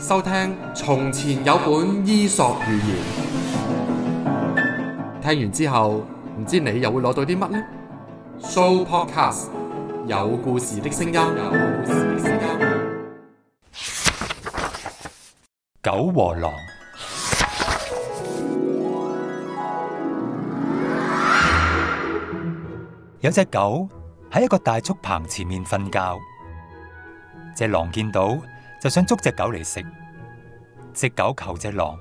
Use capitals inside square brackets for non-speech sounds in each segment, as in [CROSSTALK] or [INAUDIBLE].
收聽從前有本伊索寓言，聽完之後唔知你又會攞到啲乜呢？Sooopodcast，有故事的聲音。狗和狼，有隻狗喺一個大竹棚前面瞓覺，隻狼見到。就想捉隻狗嚟食，隻狗求隻狼，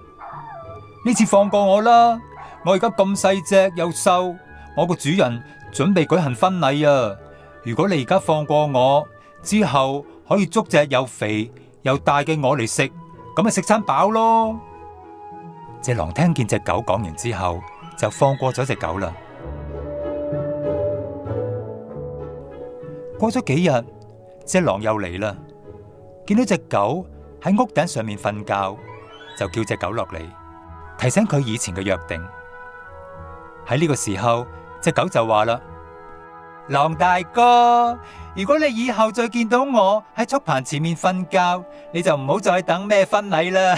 呢次放過我啦，我而家咁細隻又瘦，我個主人準備舉行婚禮啊！如果你而家放過我，之後可以捉隻又肥又大嘅我嚟食，咁咪食餐飽咯！隻狼聽見隻狗講完之後，就放過咗隻狗啦。過咗幾日，隻狼又嚟啦。見到隻狗喺屋頂上面瞓覺，就叫隻狗落嚟，提醒佢以前嘅約定。喺呢個時候，隻狗就話啦：「狼大哥，如果你以後再見到我喺竹棚前面瞓覺，你就唔好再等咩婚禮啦。」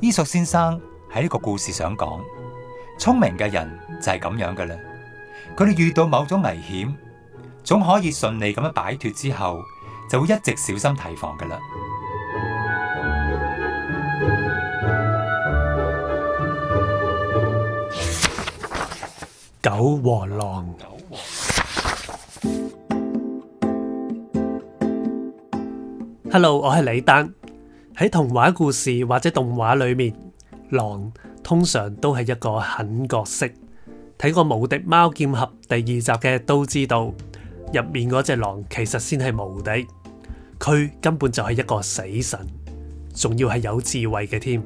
伊 [LAUGHS] [NOISE] [NOISE] 索先生喺呢個故事上想講。聰明嘅人就係咁樣嘅啦，佢哋遇到某種危險，總可以順利咁樣擺脫之後，就會一直小心提防噶啦。狗和狼。Hello，我係李丹。喺童話故事或者動畫裏面，狼，通常都係一個狠角色，睇過《無敵貓劍俠》第二集嘅都知道，入面嗰隻狼其實先係無敵，佢根本就係一個死神，仲要係有智慧嘅添。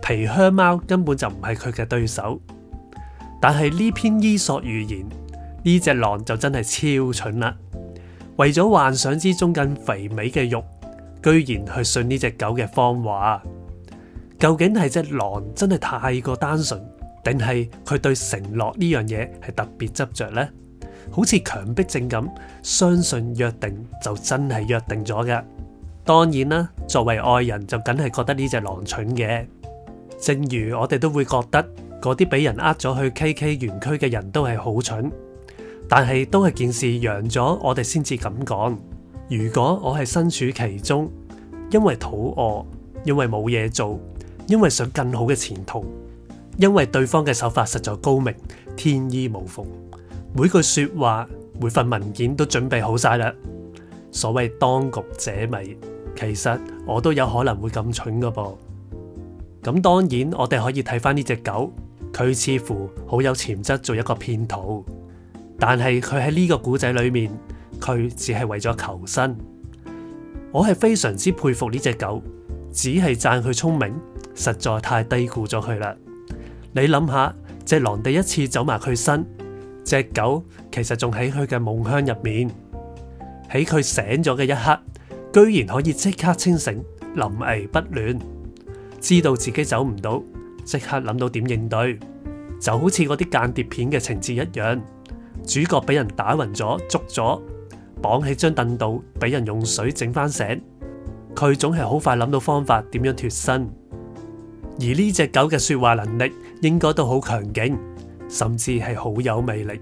皮靴貓根本就唔係佢嘅對手。但係呢篇伊索寓言，呢隻狼就真係超蠢啦！為咗幻想之中更肥美嘅肉，居然去信呢隻狗嘅謊話。究竟係隻狼真係太過單純，定係佢對承諾呢樣嘢係特別執着呢？好似強迫症咁，相信約定就真係約定咗噶。當然啦，作為外人就梗係覺得呢隻狼蠢嘅。正如我哋都會覺得嗰啲俾人呃咗去 K K 園區嘅人都係好蠢，但係都係件事揚咗我哋先至咁講。如果我係身處其中，因為肚餓，因為冇嘢做。因為想更好嘅前途，因為對方嘅手法實在高明，天衣無縫。每句說話，每份文件都準備好晒啦。所謂當局者迷，其實我都有可能會咁蠢噶噃。咁當然，我哋可以睇翻呢隻狗，佢似乎好有潛質做一個騙徒，但係佢喺呢個故仔裏面，佢只係為咗求生。我係非常之佩服呢隻狗，只係讚佢聰明。實在太低估咗佢啦！你諗下，隻狼第一次走埋佢身，隻狗其實仲喺佢嘅夢鄉入面。喺佢醒咗嘅一刻，居然可以即刻清醒，臨危不亂，知道自己走唔到，即刻諗到點應對，就好似嗰啲間諜片嘅情節一樣。主角俾人打暈咗，捉咗綁起張凳度，俾人用水整翻醒。佢總係好快諗到方法，點樣脫身。而呢隻狗嘅說話能力應該都好強勁，甚至係好有魅力，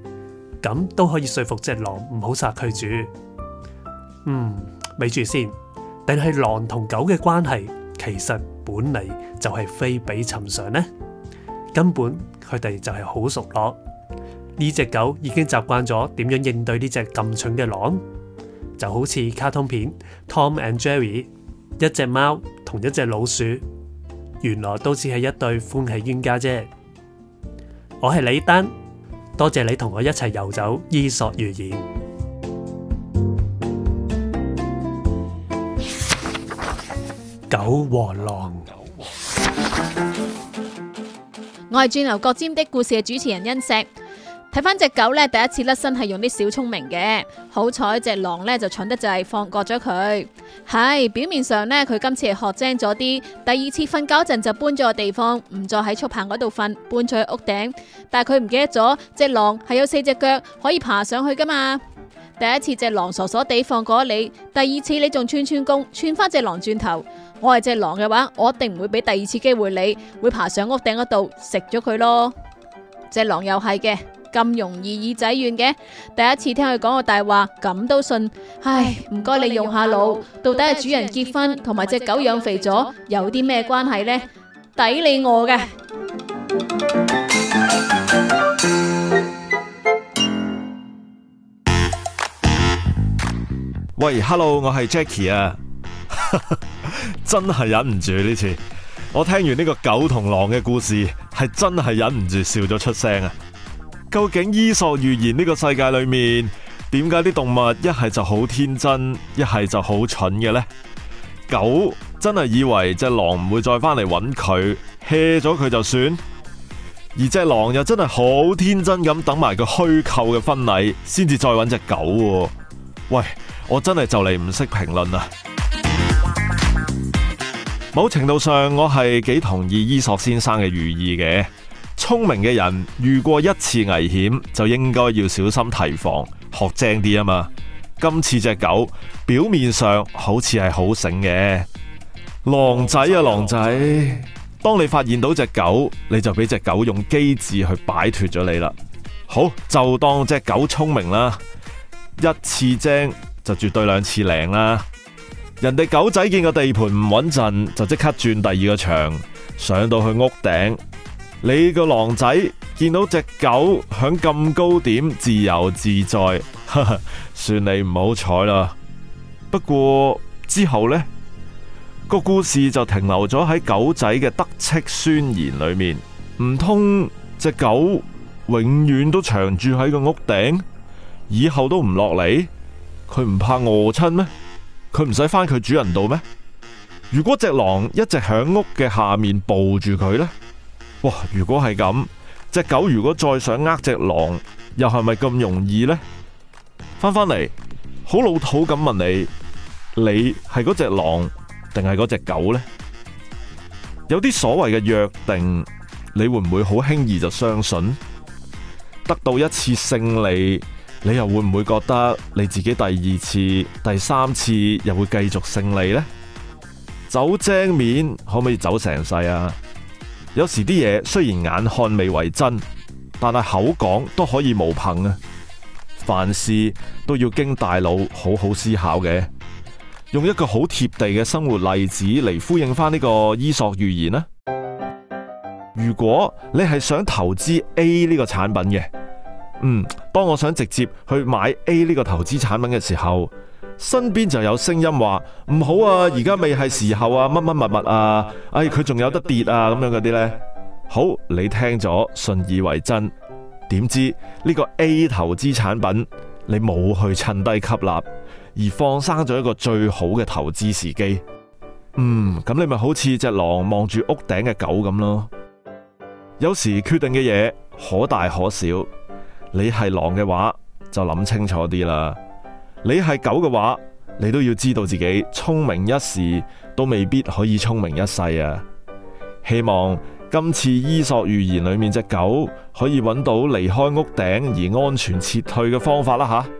咁都可以說服隻狼唔好殺佢住。嗯，咪住先，定係狼同狗嘅關係其實本嚟就係非比尋常呢？根本佢哋就係好熟絡。呢隻狗已經習慣咗點樣應對呢隻咁蠢嘅狼，就好似卡通片《Tom and Jerry》一隻貓同一隻老鼠。原來都只係一對歡喜冤家啫。我係李丹，多謝你同我一齊游走伊索寓言。狗和狼。我係鑽牛角尖的故事嘅主持人欣石。睇翻隻狗呢，第一次甩身係用啲小聰明嘅，好彩隻狼呢，就蠢得滯，放過咗佢。係表面上呢，佢今次係學精咗啲。第二次瞓覺陣就搬咗個地方，唔再喺竹棚嗰度瞓，搬咗去屋頂。但係佢唔記得咗，隻狼係有四隻腳可以爬上去噶嘛。第一次隻狼傻傻地放過你，第二次你仲串串功，串翻隻狼轉頭。我係隻狼嘅話，我一定唔會俾第二次機會你，會爬上屋頂嗰度食咗佢咯。隻狼又係嘅。咁容易耳仔軟嘅，第一次聽佢講個大話咁都信，唉，唔該你用下腦，到底係主人結婚同埋隻狗養肥咗有啲咩關係呢？抵你餓嘅。喂，Hello，我係 Jackie 啊， [LAUGHS] 真係忍唔住呢次，我聽完呢個狗同狼嘅故事係真係忍唔住笑咗出聲啊！究竟伊索寓言呢個世界裏面，點解啲動物一係就好天真，一係就好蠢嘅呢？狗真係以為隻狼唔會再翻嚟搵佢，hea 咗佢就算。而隻狼又真係好天真咁等埋個虛構嘅婚禮，先至再搵隻狗喎。喂，我真係就嚟唔識評論啦。某程度上，我係幾同意伊索先生嘅寓意嘅。聰明嘅人遇過一次危險就應該要小心提防，學精啲啊嘛！今次隻狗表面上好似係好醒嘅。狼仔啊狼仔，當你發現到隻狗，你就俾隻狗用機智去擺脫咗你啦。好，就當隻狗聰明啦，一次精就絕對兩次靚啦。人哋狗仔見個地盤唔穩陣，就即刻轉第二個場，上到去屋頂。你個狼仔見到隻狗響咁高點自由自在， [LAUGHS] 算你唔好彩啦。不過之後呢個故事就停留咗喺狗仔嘅得戚宣言裏面，唔通，隻狗永遠都長住喺個屋頂，以後都唔落嚟？佢唔怕餓親咩？佢唔使返佢主人度咩？如果隻狼一直響屋嘅下面暴住佢呢？哇！如果係咁，隻狗如果再想呃隻狼，又係咪咁容易呢？翻返嚟，好老土咁問你，你係嗰隻狼定係嗰隻狗呢？有啲所謂嘅約定，你會唔會好輕易就相信？得到一次勝利，你又會唔會覺得你自己第二次、第三次又會繼續勝利呢？走精面可唔可以走成世啊？有時啲嘢雖然眼看未為真，但係口講都可以無憑啊！凡事都要經大腦好好思考嘅。用一個好貼地嘅生活例子嚟呼應返呢個伊索寓言啦。如果你係想投資 A 呢個產品嘅，嗯，當我想直接去買 A 呢個投資產品嘅時候。身邊就有聲音話唔好啊，而家未係時候啊，乜乜物物啊，唉、哎，佢仲有得跌啊，咁樣嗰啲呢，好，你聽咗信以為真，點知呢個 A 投資產品你冇去趁低吸納，而放生咗一個最好嘅投資時機，嗯，咁你咪好似隻狼望住屋頂嘅狗咁咯，有時決定嘅嘢可大可小，你係狼嘅話就諗清楚啲啦。你係狗嘅話，你都要知道自己聰明一時，都未必可以聰明一世啊！希望今次伊索寓言裏面隻狗可以揾到離開屋頂而安全撤退嘅方法啦，啊、吓。